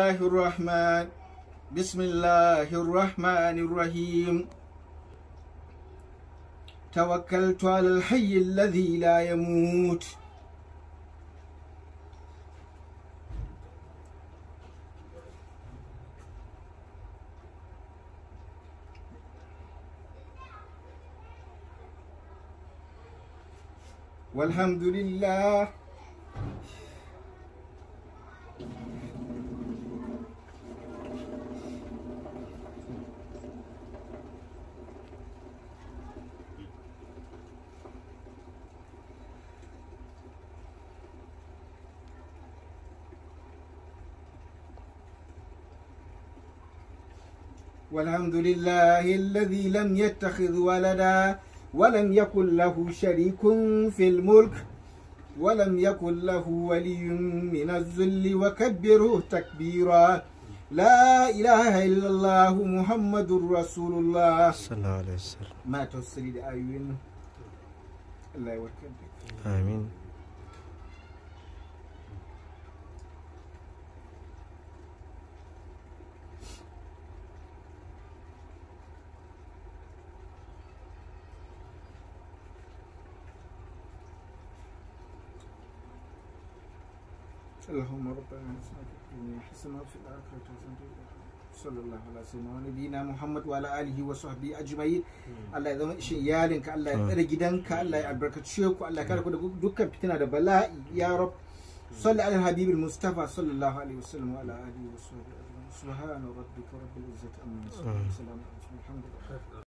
الله الرحمن بسم الله الرحمن الرحيم توكلت على الحي الذي لا يموت والحمد لله والحمد لله الذي لم يتخذ ولدا ولم يكن له شريك في الملك ولم يكن له ولي من الذل وكبره تكبيرا لا إله إلا الله محمد رسول الله صلى الله عليه وسلم ما توصل الآيين الله يوفقك آمين اللهم ربنا اتنا في الدنيا حسنه وفي الاخره حسنه صلى الله على سيدنا ونبينا محمد وعلى اله وصحبه اجمعين Allah ya zama ishin iyalinka Allah ya tsare gidanka Allah ya albarkace ku Allah ya kare ku da dukkan fitina da bala'i ya rab صلى على الحبيب المصطفى صلى الله عليه وسلم وعلى اله وصحبه اجمعين سبحان ربك رب العزه عما يصفون وسلام على الحمد لله